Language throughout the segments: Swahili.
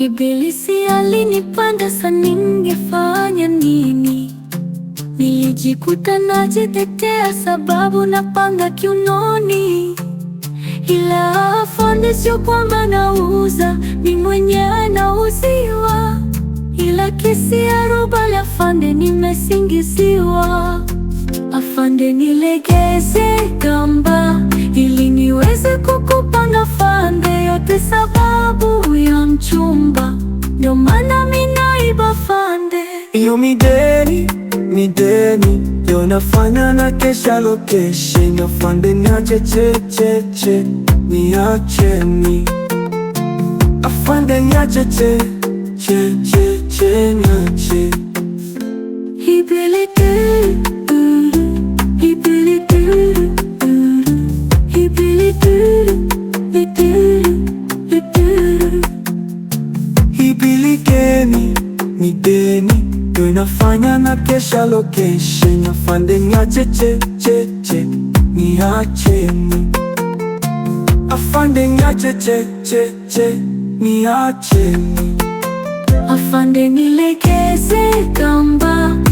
Ibilisi alinipanda sa, ningefanya nini? Nilijikuta najitetea, sababu napanga kiunoni. Ila afande, sio kwamba nauza, ni mwenyewe nauziwa. Ila kesi ya rubali afande, nimesingiziwa. Afande, nilegeze kamba ili niweze kukupa nafasi Leo mideni mideni, leo nafanya na kesha lokeshe nafande niache checheche niache ni afande niache checheche niache Hibilikeni mideni tunafanya na kesha location na che ya cheche cheche ni acheni che che cheche cheche ni acheni afande nilegeze kamba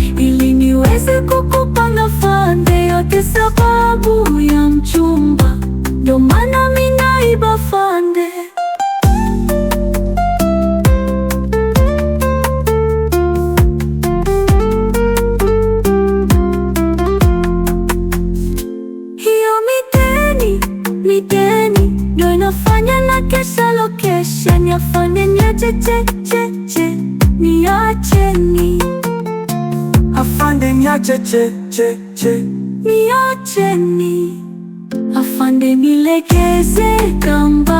gani ni geni ndo inafanya na kesha location yafanye niache checheche ni afande niache checheche niacheni afande nilegeze kamba